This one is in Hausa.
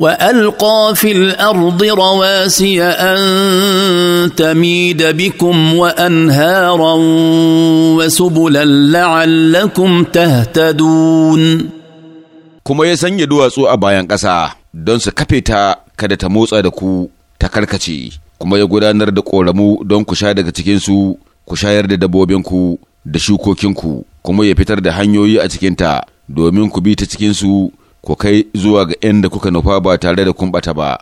والقى في الارض رواسي ان تميد بكم وانهارا وسبلا لعلكم تهتدون kuma ya sanya duwatsu a bayan ƙasa don su kafe ta kada ta motsa da ku ta karkace kuma ya gudanar da ƙoramu don ku sha daga cikinsu ku shayar da dabbobinku da shukokinku kuma ya fitar da hanyoyi a cikinta domin ku bi ta cikinsu ku kai zuwa ga inda kuka nufa ba tare da kun ɓata ba.